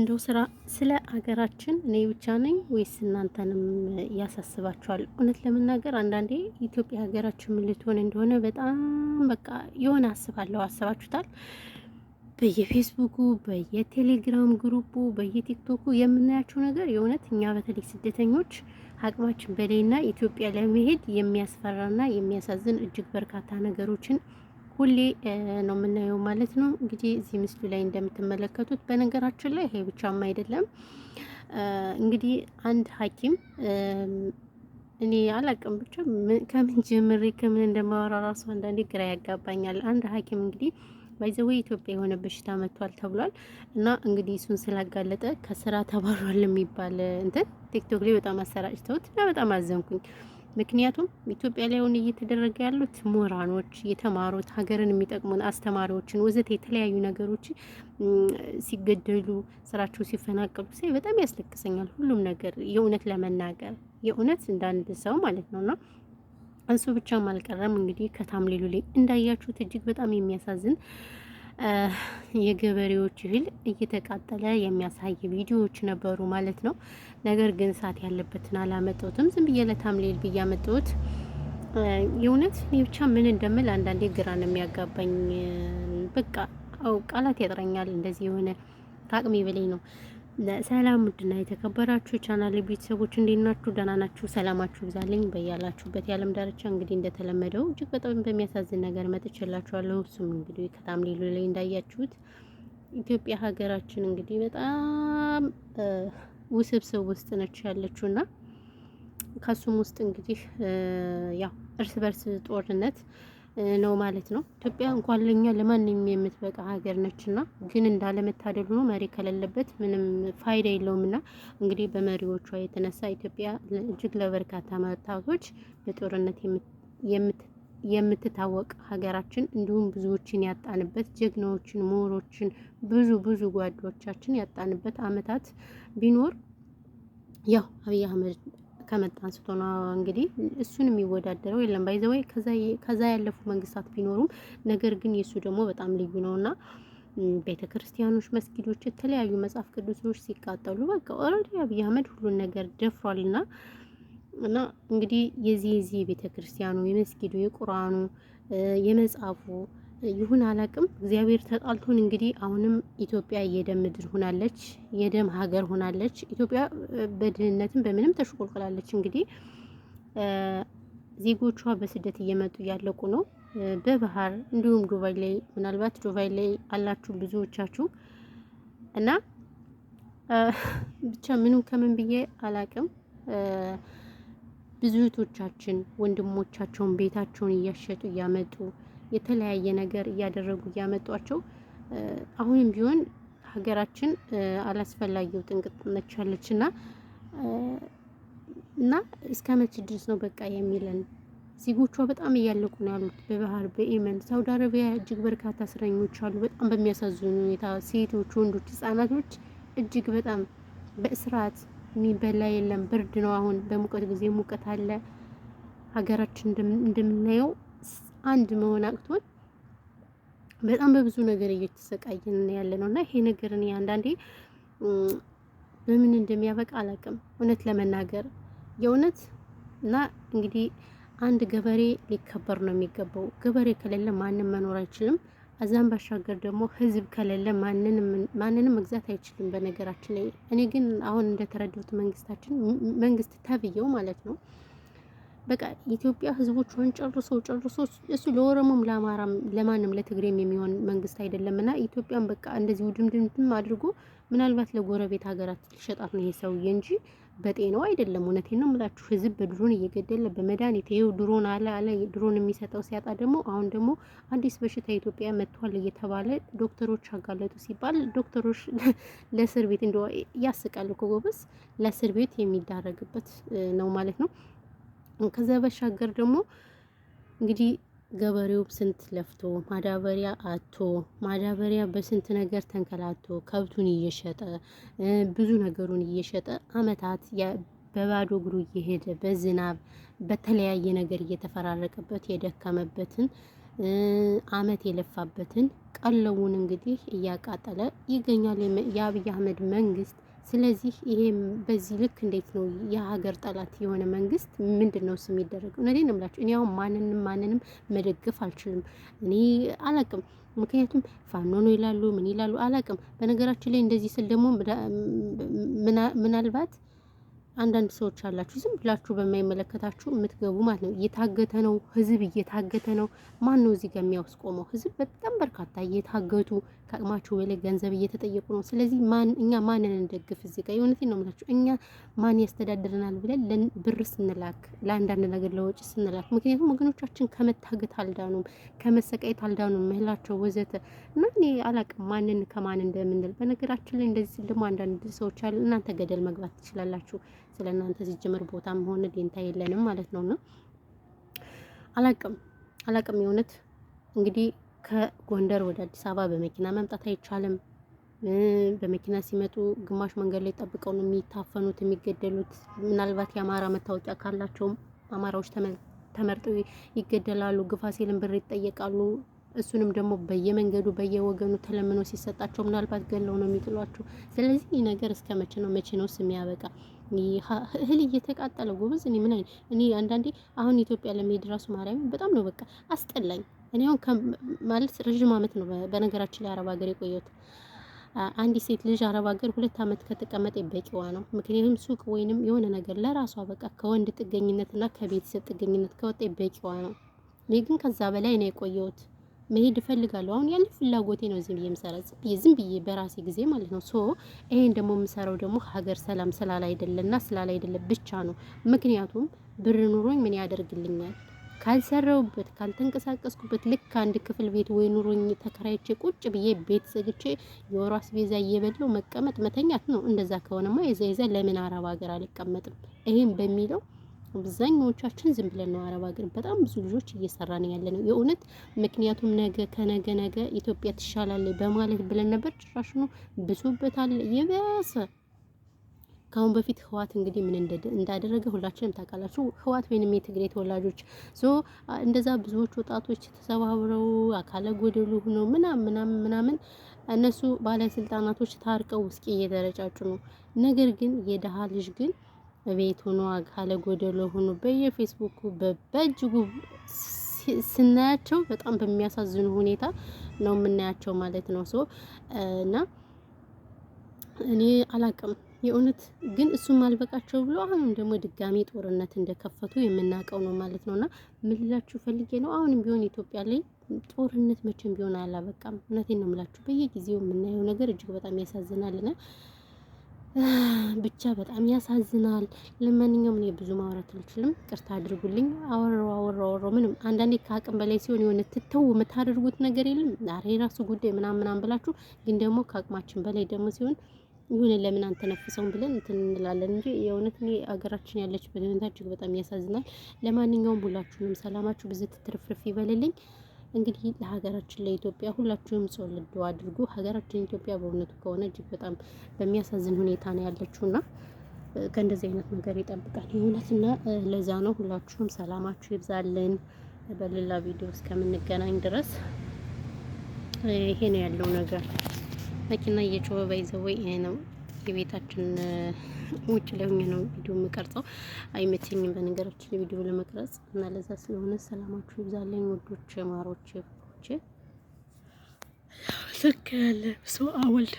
እንደው ስራ ስለ ሀገራችን እኔ ብቻ ነኝ ወይስ እናንተንም ያሳስባችኋል? እውነት ለመናገር አንዳንዴ ኢትዮጵያ ሀገራችን ምን ልትሆን እንደሆነ በጣም በቃ የሆነ አስባለሁ። አስባችሁታል? በየፌስቡኩ በየቴሌግራም ግሩፑ በየቲክቶኩ የምናያቸው ነገር የእውነት እኛ በተለይ ስደተኞች አቅማችን በላይና ኢትዮጵያ ለመሄድ የሚያስፈራና የሚያሳዝን እጅግ በርካታ ነገሮችን ሁሌ ነው የምናየው ማለት ነው። እንግዲህ እዚህ ምስሉ ላይ እንደምትመለከቱት በነገራችን ላይ ይሄ ብቻም አይደለም። እንግዲህ አንድ ሐኪም እኔ አላቅም ብቻ ከምን ጀምሬ ከምን እንደማወራ ራሱ አንዳንዴ ግራ ያጋባኛል። አንድ ሐኪም እንግዲህ ባይዘዌ ኢትዮጵያ የሆነ በሽታ መጥቷል ተብሏል እና እንግዲህ እሱን ስላጋለጠ ከስራ ተባሯል የሚባል እንትን ቲክቶክ ላይ በጣም አሰራጭተውት እና በጣም አዘንኩኝ። ምክንያቱም ኢትዮጵያ ላይ አሁን እየተደረገ ያሉት ምሁራኖች የተማሩት ሀገርን የሚጠቅሙን አስተማሪዎችን ወዘተ የተለያዩ ነገሮች ሲገደሉ፣ ስራቸው ሲፈናቀሉ ሳይ በጣም ያስለቅሰኛል። ሁሉም ነገር የእውነት ለመናገር የእውነት እንዳንድ ሰው ማለት ነውና እሱ ብቻም አልቀረም እንግዲህ ከታምሌሉ ላይ እንዳያችሁት እጅግ በጣም የሚያሳዝን የገበሬዎች እህል እየተቃጠለ የሚያሳይ ቪዲዮዎች ነበሩ ማለት ነው። ነገር ግን እሳት ያለበትን አላመጣሁትም። ዝም ብዬ ለታምሌል ብዬ አመጣሁት። የእውነት እኔ ብቻ ምን እንደምል አንዳንዴ ግራ ነው የሚያጋባኝ። በቃ ቃላት ያጥረኛል። እንደዚህ የሆነ ከአቅሜ በላይ ነው። ለሰላም ውድና የተከበራችሁ ቻናል ቤተሰቦች እንዴት ናችሁ? ደህና ናችሁ? ሰላማችሁ ይብዛልኝ በያላችሁበት የዓለም ዳርቻ። እንግዲህ እንደተለመደው እጅግ በጣም በሚያሳዝን ነገር መጥቼላችኋለሁ። እሱም እንግዲህ ከታም ሌሎ ላይ እንዳያችሁት ኢትዮጵያ ሀገራችን እንግዲህ በጣም ውስብስብ ውስጥ ነች ያለችውና ከሱም ውስጥ እንግዲህ ያው እርስ በርስ ጦርነት ነው ማለት ነው። ኢትዮጵያ እንኳን ለኛ ለማንም የምትበቃ ሀገር ነችና ግን እንዳለመታደል ሆኖ መሪ ከሌለበት ምንም ፋይዳ የለውምና እንግዲህ በመሪዎቿ የተነሳ ኢትዮጵያ እጅግ ለበርካታ መታቶች በጦርነት የምት የምትታወቅ ሀገራችን እንዲሁም ብዙዎችን ያጣንበት ጀግናዎችን፣ ምሁሮችን ብዙ ብዙ ጓዶቻችን ያጣንበት አመታት ቢኖር ያው አብይ አህመድ ከመጣ አንስቶ ነው እንግዲህ እሱን የሚወዳደረው የለም። ባይዘወይ ከዛ ያለፉ መንግስታት ቢኖሩም ነገር ግን የእሱ ደግሞ በጣም ልዩ ነውና ቤተ ክርስቲያኖች፣ መስጊዶች፣ የተለያዩ መጽሐፍ ቅዱሶች ሲቃጠሉ በቃ ኦልሬዲ አብይ አህመድ ሁሉን ነገር ደፍሯልና እና እንግዲህ የዚህ የዚህ የቤተ ክርስቲያኑ የመስጊዱ፣ የቁርአኑ፣ የመጽሐፉ ይሁን አላቅም እግዚአብሔር ተጣልቶን እንግዲህ አሁንም ኢትዮጵያ የደም ምድር ሆናለች፣ የደም ሀገር ሆናለች። ኢትዮጵያ በድህነትም በምንም ተሽቆልቁላለች እንግዲህ ዜጎቿ በስደት እየመጡ እያለቁ ነው፣ በባህር እንዲሁም ዱባይ ላይ ምናልባት ዱባይ ላይ አላችሁ ብዙዎቻችሁ እና ብቻ ምንም ከምን ብዬ አላቅም። ብዙቶቻችን ወንድሞቻቸውን ቤታቸውን እያሸጡ እያመጡ የተለያየ ነገር እያደረጉ እያመጧቸው አሁንም ቢሆን ሀገራችን አላስፈላጊው ጥንቅጥ መቻለች እና እና እስከ መቼ ድረስ ነው በቃ የሚለን? ዜጎቿ በጣም እያለቁ ነው ያሉት በባህር በየመን ሳውዲ አረቢያ እጅግ በርካታ እስረኞች አሉ። በጣም በሚያሳዝኑ ሁኔታ ሴቶች፣ ወንዶች፣ ህጻናቶች እጅግ በጣም በእስራት የሚበላ የለም። ብርድ ነው አሁን በሙቀት ጊዜ ሙቀት አለ። ሀገራችን እንደምናየው አንድ መሆን አቅቶን በጣም በብዙ ነገር እየተሰቃየን ያለ ነው እና ይሄ ነገር እኔ አንዳንዴ በምን እንደሚያበቃ አላውቅም እውነት ለመናገር የእውነት እና እንግዲህ አንድ ገበሬ ሊከበር ነው የሚገባው። ገበሬ ከሌለ ማንም መኖር አይችልም። እዛም ባሻገር ደግሞ ህዝብ ከሌለ ማንንም መግዛት አይችልም። በነገራችን ላይ እኔ ግን አሁን እንደተረዳሁት መንግስታችን መንግስት ተብየው ማለት ነው በቃ ኢትዮጵያ ህዝቦቿን ጨርሶ ጨርሶ እሱ ለኦሮሞም ለአማራም ለማንም ለትግሬም የሚሆን መንግስት አይደለም እና ኢትዮጵያን በቃ እንደዚህ ውድምድምድም አድርጎ ምናልባት ለጎረቤት ሀገራት ሊሸጣት ነው ይሄ ሰውዬ እንጂ በጤናው አይደለም። እውነቴን ነው የምላችሁ። ህዝብ በድሮን እየገደለ በመድኃኒት ይኸው ድሮን አለ አለ ድሮን የሚሰጠው ሲያጣ ደግሞ አሁን ደግሞ አዲስ በሽታ ኢትዮጵያ መጥቷል እየተባለ ዶክተሮች አጋለጡ ሲባል ዶክተሮች ለእስር ቤት እንደ ያስቃሉ እኮ ጎበዝ፣ ለእስር ቤት የሚዳረግበት ነው ማለት ነው። ከዛ በሻገር ደግሞ እንግዲህ ገበሬው ስንት ለፍቶ ማዳበሪያ አቶ ማዳበሪያ በስንት ነገር ተንከላቶ ከብቱን እየሸጠ ብዙ ነገሩን እየሸጠ አመታት በባዶ እግሩ እየሄደ በዝናብ በተለያየ ነገር እየተፈራረቀበት የደከመበትን አመት የለፋበትን ቀለቡን እንግዲህ እያቃጠለ ይገኛል። የአብይ አህመድ መንግስት ስለዚህ ይሄ በዚህ ልክ እንዴት ነው የሀገር ጠላት የሆነ መንግስት ምንድን ነው ስም ይደረግ? እውነቴን ነው የምላችሁ። እኔ አሁን ማንንም ማንንም መደገፍ አልችልም። እኔ አላቅም፣ ምክንያቱም ፋኖ ነው ይላሉ ምን ይላሉ አላቅም። በነገራችን ላይ እንደዚህ ስል ደግሞ ምናልባት አንዳንድ ሰዎች አላችሁ ዝም ብላችሁ በማይመለከታችሁ የምትገቡ ማለት ነው። እየታገተ ነው ህዝብ እየታገተ ነው። ማን ነው እዚህ ጋር የሚያስቆመው? ህዝብ በጣም በርካታ እየታገቱ ከአቅማቸው በላይ ገንዘብ እየተጠየቁ ነው። ስለዚህ ማን እኛ ማንን እንደግፍ? እዚህ ጋር የእውነቴን ነው የምላችሁ። እኛ ማን ያስተዳድረናል ብለን ብር ስንላክ፣ ለአንዳንድ ነገር ለወጪ ስንላክ፣ ምክንያቱም ወገኖቻችን ከመታገት አልዳኑም፣ ከመሰቃየት አልዳኑም፣ ምህላቸው ወዘተ እና እኔ አላቅም ማንን ከማን እንደምንል። በነገራችን ላይ እንደዚህ ደግሞ አንዳንድ ሰዎች አሉ። እናንተ ገደል መግባት ትችላላችሁ ስለ እናንተ ሲጀምር ቦታም ሆነ ዴንታ የለንም ማለት ነውና አላቅም አላቅም የእውነት እንግዲህ ከጎንደር ወደ አዲስ አበባ በመኪና መምጣት አይቻልም። በመኪና ሲመጡ ግማሽ መንገድ ላይ ጠብቀው ነው የሚታፈኑት የሚገደሉት። ምናልባት የአማራ መታወቂያ ካላቸውም አማራዎች ተመርጠው ይገደላሉ። ግፋ ሲልም ብር ይጠየቃሉ። እሱንም ደግሞ በየመንገዱ በየወገኑ ተለምኖ ሲሰጣቸው ምናልባት ገለው ነው የሚጥሏቸው። ስለዚህ ይህ ነገር እስከ መቼ ነው? መቼ የሚያበቃ? እህል እየተቃጠለ ጎበዝ። እኔ ምን አይነት እኔ አንዳንዴ አሁን ኢትዮጵያ ለመሄድ ራሱ ማርያም በጣም ነው በቃ አስጠላኝ። እኔ አሁን ማለት ረዥም ዓመት ነው በነገራችን ላይ አረብ ሀገር የቆየሁት። አንዲት ሴት ልጅ አረብ ሀገር ሁለት ዓመት ከተቀመጠ በቂዋ ነው። ምክንያቱም ሱቅ ወይንም የሆነ ነገር ለራሷ በቃ ከወንድ ጥገኝነትና ከቤተሰብ ጥገኝነት ከወጣ በቂዋ ነው። እኔ ግን ከዛ በላይ ነው የቆየሁት። መሄድ እፈልጋለሁ። አሁን ያለ ፍላጎቴ ነው ዝም ብዬ የምሰራ ዝም ብዬ በራሴ ጊዜ ማለት ነው። ሶ ይሄን ደግሞ የምሰራው ደግሞ ሀገር ሰላም ስላላ አይደለና ስላል አይደለ ብቻ ነው። ምክንያቱም ብር ኑሮኝ ምን ያደርግልኛል ካልሰራውበት ካልተንቀሳቀስኩበት ልክ አንድ ክፍል ቤት ወይ ኑሮኝ ተከራይቼ ቁጭ ብዬ ቤት ዘግቼ የወሩ አስቤዛ እየበላሁ መቀመጥ መተኛት ነው። እንደዛ ከሆነማ የዛ ለምን አረብ ሀገር አልቀመጥም? ይሄን በሚለው አብዛኛዎቻችን ዝም ብለን ነው አረብ ሀገር በጣም ብዙ ልጆች ነው ያለ ነው የእውነት ምክንያቱም ነገ ከነገ ነገ ኢትዮጵያ ትሻላለች በማለት ብለን ነበር። ነው ብሶበታል የባሰ። ከአሁን በፊት ህዋት እንግዲህ ምን እንዳደረገ ሁላችንም ታውቃላችሁ። ህዋት ወይንም የትግሬ ተወላጆች ሶ እንደዛ ብዙዎች ወጣቶች ተሰባብረው አካለ ጎደሉ ሆነው ምናምን ምናምን ምናምን እነሱ ባለስልጣናቶች ታርቀው እስኪ እየተረጫጩ ነው። ነገር ግን የደሃ ልጅ ግን ቤት ሆኖ አካለ ጎደሎ ሆኖ በየፌስቡኩ በእጅጉ ስናያቸው በጣም በሚያሳዝኑ ሁኔታ ነው የምናያቸው ማለት ነው። ሶ እና እኔ አላቅም የእውነት ግን እሱም አልበቃቸው ብሎ አሁንም ደግሞ ድጋሚ ጦርነት እንደከፈቱ የምናውቀው ነው ማለት ነው። እና ምን ልላችሁ ፈልጌ ነው፣ አሁንም ቢሆን ኢትዮጵያ ላይ ጦርነት መቼም ቢሆን አላበቃም። እውነቴን ነው የምላችሁ፣ በየጊዜው የምናየው ነገር እጅግ በጣም ያሳዝናልና ብቻ በጣም ያሳዝናል። ለማንኛውም እኔ ብዙ ማውራት አልችልም፣ ቅርታ አድርጉልኝ። አወሮ አወሮ አወሮ ምንም አንዳንዴ ከአቅም በላይ ሲሆን የሆነ ትተው የምታደርጉት ነገር የለም ዛሬ ራሱ ጉዳይ ምናምን ምናምን ብላችሁ ግን ደግሞ ከአቅማችን በላይ ደግሞ ሲሆን ይሁን ለምን አንተነፍሰውም ብለን እንትን እንላለን እንጂ የእውነት እኔ አገራችን ያለችበት ሁኔታ እጅግ በጣም ያሳዝናል። ለማንኛውም ሁላችሁንም ሰላማችሁ ብዙ ትትርፍርፍ ይበልልኝ። እንግዲህ ለሀገራችን ለኢትዮጵያ ሁላችሁም ሰው አድርጉ። ሀገራችን ኢትዮጵያ በእውነቱ ከሆነ እጅግ በጣም በሚያሳዝን ሁኔታ ነው ያለችውና ከእንደዚህ አይነት ነገር ይጠብቃል ና ለዛ ነው። ሁላችሁም ሰላማችሁ ይብዛልን። በሌላ ቪዲዮ እስከምንገናኝ ድረስ ይሄ ነው ያለው ነገር። መኪና እየጮኸ ባይዘወይ ይሄ ነው። የቤታችን ውጭ ላይ ሆኜ ነው ቪዲዮ የምቀርጸው። አይመቸኝም በነገራችን ቪዲዮ ለመቅረጽ እና ለዛ ስለሆነ ሰላማችሁ ይብዛልኝ ወዶች ማሮች፣ ፍቅሮች። ሰከ ያለ ሰው አወልድ